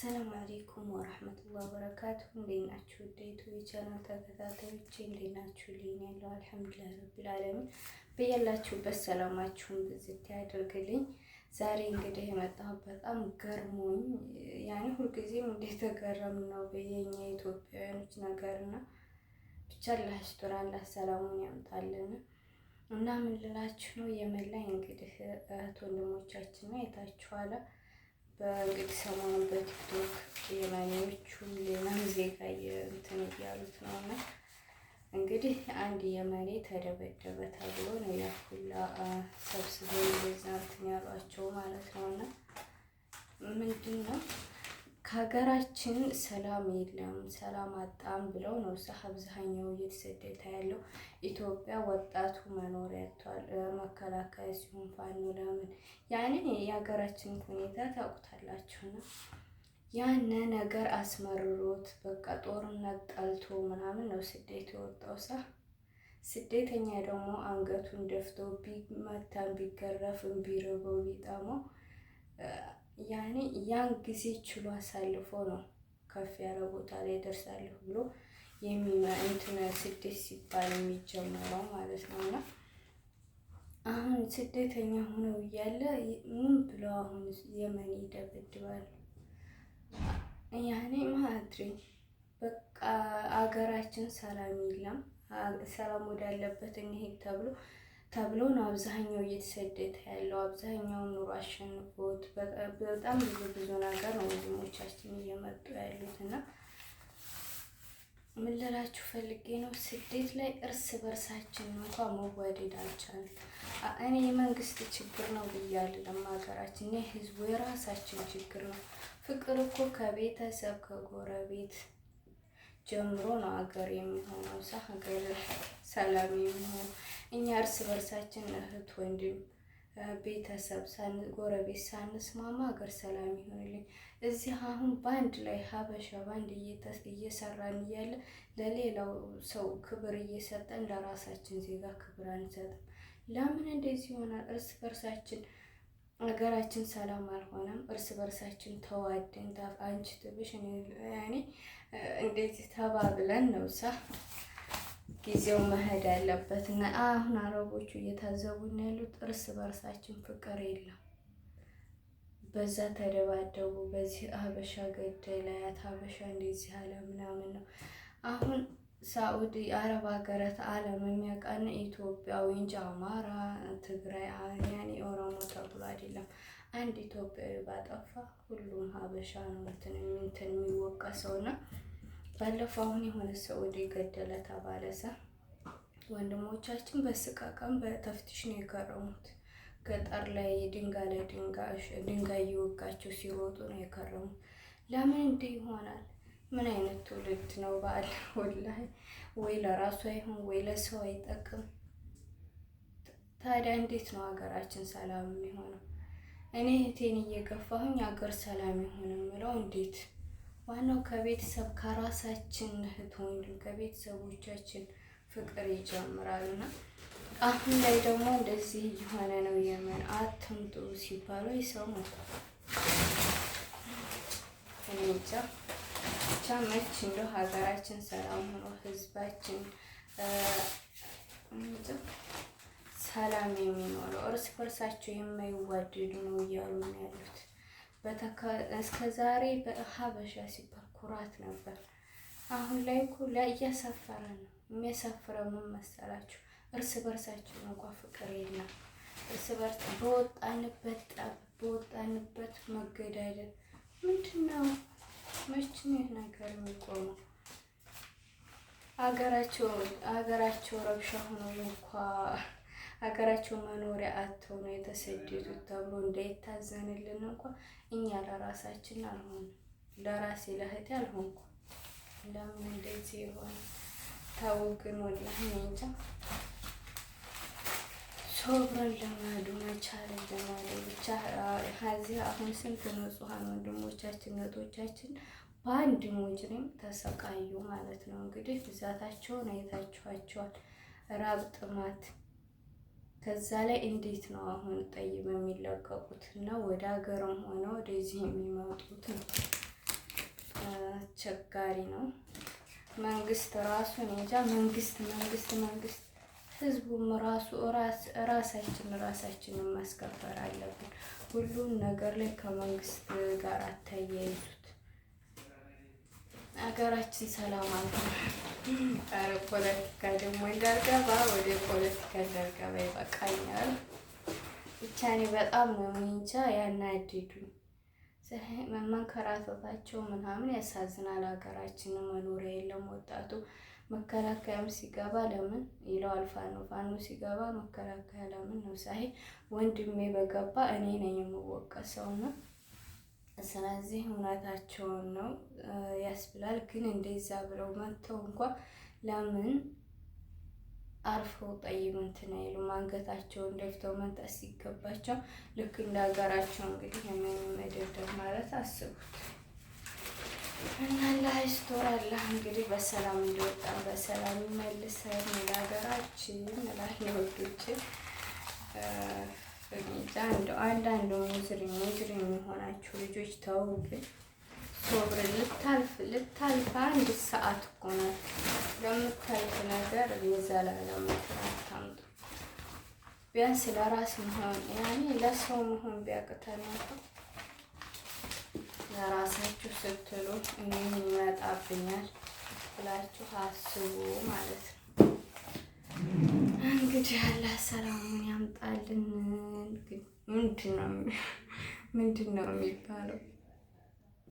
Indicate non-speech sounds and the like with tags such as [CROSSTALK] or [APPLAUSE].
አሰላሙ አለይኩም ወረህመቱላሂ ወበረካቱ። እንዴት ናችሁ? ውዴቱ የቻናል ተከታታዮች እንዴት ናችሁ? ልኝ ያለው አልሐምዱሊላሂ ረቢል ዓለሚን በያላችሁበት ሰላማችሁን ብዝት ያደርግልኝ። ዛሬ እንግዲህ የመጣሁት በጣም ገርሞኝ ያኔ ሁልጊዜም እንደተገረም ነው በየኛ ኢትዮጵያውያኖች ነገርና ብቻ ላሽቶራ አላህ ያምጣልን እና ምን ልላችሁ ነው የመላኝ እንግዲህ እህት ወንድሞቻችን አይታችኋል እንግዲህ ሰሞኑን በቲክቶክ የመኔዎቹም ሌላም ዜጋ እንትን እያሉት ነው እና እንግዲህ አንድ የመኔ ተደበደበ ተብሎ ነው ያኩላ ሰብስበው እንደዛ እንትን ያሏቸው ማለት ነው እና ምንድን ነው ከሀገራችን ሰላም የለም ሰላም አጣም ብለው ነው አብዛኛው እየተሰደተ ያለው። ኢትዮጵያ ወጣቱ መኖር ያቷል መከላከያ ሲሆን ፋኖ ለምን ያንን የሀገራችን ሁኔታ ታውቁታላችሁና ያነ ነገር አስመርሮት በቃ ጦርነት ጠልቶ ምናምን ነው ስደት የወጣው ሳ ስደተኛ ደግሞ አንገቱን ደፍቶ ቢመታን ቢገረፍን ቢርበው ቢጠመው ያኔ ያን ጊዜ ችሎ አሳልፎ ነው ከፍ ያለ ቦታ ላይ ደርሳለሁ ብሎ የሚመንትን ስደት ሲባል የሚጀምረው ማለት ነው። እና አሁን ስደተኛ ሆነው እያለ ምን ብሎ አሁን የመን ይደበድባሉ። ያኔ ማድሬ በቃ አገራችን ሰላም የለም፣ ሰላም ወዳለበት እንሄድ ተብሎ ተብሎ ነው አብዛኛው እየተሰደደ ያለው። አብዛኛው ኑሮ አሸንፎት በጣም ብዙ ብዙ ነገር ነው ወንድሞቻችን እየመጡ ያሉት እና ምን ልላችሁ ፈልጌ ነው፣ ስደት ላይ እርስ በርሳችን እንኳ መወደድ አልቻልንም። እኔ የመንግስት ችግር ነው ብያለሁ። ሀገራችን የህዝቡ የራሳችን ችግር ነው። ፍቅር እኮ ከቤተሰብ ከጎረቤት ጀምሮ ነው ሀገር የሚሆነው ሳ ሀገር ሰላም የሚሆነው እኛ እርስ በርሳችን እህት ወንድም ቤተሰብ ጎረቤት ሳንስማማ ሀገር ሰላም ይሆንልኝ። እዚህ አሁን በአንድ ላይ ሀበሻ ባንድ እየሰራን እያለ ለሌላው ሰው ክብር እየሰጠን ለራሳችን ዜጋ ክብር አንሰጥም። ለምን እንደዚህ ይሆናል? እርስ በርሳችን ሀገራችን ሰላም አልሆነም። እርስ በርሳችን ተዋደን አንቺ ትብሽ እንደዚህ ተባብለን ነው ሳ ጊዜው መሄድ አለበት እና አሁን አረቦቹ እየታዘቡ ነው ያሉት እርስ በርሳችን ፍቅር የለም። በዛ ተደባደቡ፣ በዚህ ሀበሻ ገደላት፣ ሀበሻ እንደዚህ አለ ምናምን ነው። አሁን ሳኡዲ አረብ ሀገራት አለም የሚያውቃን ኢትዮጵያዊ እንጂ አማራ፣ ትግራይ፣ ያኔ ኦሮሞ ተብሎ አይደለም። አንድ ኢትዮጵያዊ ባጠፋ ሁሉም ሀበሻ ነው እንትን ነው። ባለፈው አሁን የሆነ ሰው ወደ የገደለ ተባለ ሰ ወንድሞቻችን በስቃቀም በተፍትሽ ነው የከረሙት። ገጠር ላይ ድንጋይ ላይ ድንጋይ እየወጋቸው ሲሮጡ ነው የከረሙት። ለምን እንዲህ ይሆናል? ምን አይነት ትውልድ ነው? በዓል [LAUGHS] ወላሂ ወይ ለራሱ አይሆን ወይ ለሰው አይጠቅም። ታዲያ እንዴት ነው ሀገራችን ሰላም የሚሆነው? እኔ እህቴን እየገፋሁኝ ሀገር ሰላም የሆነ የምለው እንዴት ዋናው ከቤተሰብ ከራሳችን እህት ወንድም ከቤተሰቦቻችን ፍቅር ይጀምራል እና አሁን ላይ ደግሞ እንደዚህ እየሆነ ነው። የመን አትምጡ ሲባሉ ይሰሙ እንጃ ብቻ መች እንደ ሀገራችን ሰላም ሆኖ ህዝባችን ሰላም የሚኖረው እርስ በርሳቸው የማይዋደዱ ነው እያሉ ነው ያሉት። እስከ ዛሬ በሀበሻ ሲባል ኩራት ነበር። አሁን ላይ እኮ እያሰፈረ ነው። የሚያሳፍረው ምን መሰላችሁ? እርስ በርሳችን እንኳ ፍቅር የለም። እርስ በርስ በወጣንበት ጠብ፣ በወጣንበት መገዳደል ምንድን ነው? ይህ ነገር የሚቆመው አገራቸው አገራቸው ረብሻ ሆኖ እንኳ ሀገራቸው መኖሪያ አጥተው ነው የተሰደዱት ተብሎ እንዳይታዘንልን እንኳ እኛ ለራሳችን አልሆንም። ለራሴ ለእህቴ አልሆንኩ። ለምን እንደዚህ የሆነ ተው ግን ወላሂ እንጃ። ሶብረን ለማዱ መቻል ለማዱ ብቻ ከዚህ አሁን ስንት ንጹሐን ወንድሞቻችን እህቶቻችን በአንድ ሙጅሪም ተሰቃዩ ማለት ነው። እንግዲህ ብዛታቸውን አይታችኋቸዋል። ራብ ጥማት ከዛ ላይ እንዴት ነው አሁን ጠይብ የሚለቀቁት እና ወደ ሀገርም ሆነ ወደዚህ የሚመጡት አስቸጋሪ ነው። መንግስት ራሱ እንጃ መንግስት መንግስት መንግስት ህዝቡም ራሱ ራሳችን ራሳችንን ማስከበር አለብን። ሁሉም ነገር ላይ ከመንግስት ጋር አታያይዙት። ሀገራችን ሰላም አለ። አረ ፖለቲካ ደግሞ እንዳልገባ ወደ ፖለቲካ እንዳልገባ ይበቃኛል። ብቻ እኔ በጣም ነው እንጃ ያናድዱኝ። መንከራተታቸው ምናምን ያሳዝናል። ሀገራችን መኖሪያ የለም ወጣቱ መከላከያም ሲገባ ለምን ይለዋል? ፋኖ ፋኖ ሲገባ መከላከያ ለምን ነው ሳይ ወንድሜ በገባ እኔ ነኝ የምወቀሰው ነው ስለዚህ እውነታቸውን ነው ያስብላል። ግን እንደዛ ብለው መጥተው እንኳ ለምን አርፈው ጠይም እንትን አይሉም? አንገታቸውን ደፍተው መንጠስ ሲገባቸው ልክ እንደ ሀገራቸው እንግዲህ የምን መደብደብ ማለት አስቡት። እና ስቶር አላ እንግዲህ በሰላም እንዲወጣን በሰላም ይመልሰን ለሀገራችን ሀገራችን ወዶችን አንዳንድ ሙዝሪም ሙዝሪም የሆናችሁ ልጆች ተው፣ ግን ሶብር ልታልፍ ልታልፍ አንድ ሰዓት እኮ ነው። ለምታልፍ ነገር የዘላለም አታምጡ። ቢያንስ ለራስ መሆን ያኔ ለሰው መሆን ቢያቅተን ለራሳችሁ ስትሉ እኔ ይመጣብኛል ብላችሁ አስቡ ማለት ነው። እንግዲህ አላህ ሰላሙን ያምጣልን። ምንድን ነው የሚባለው?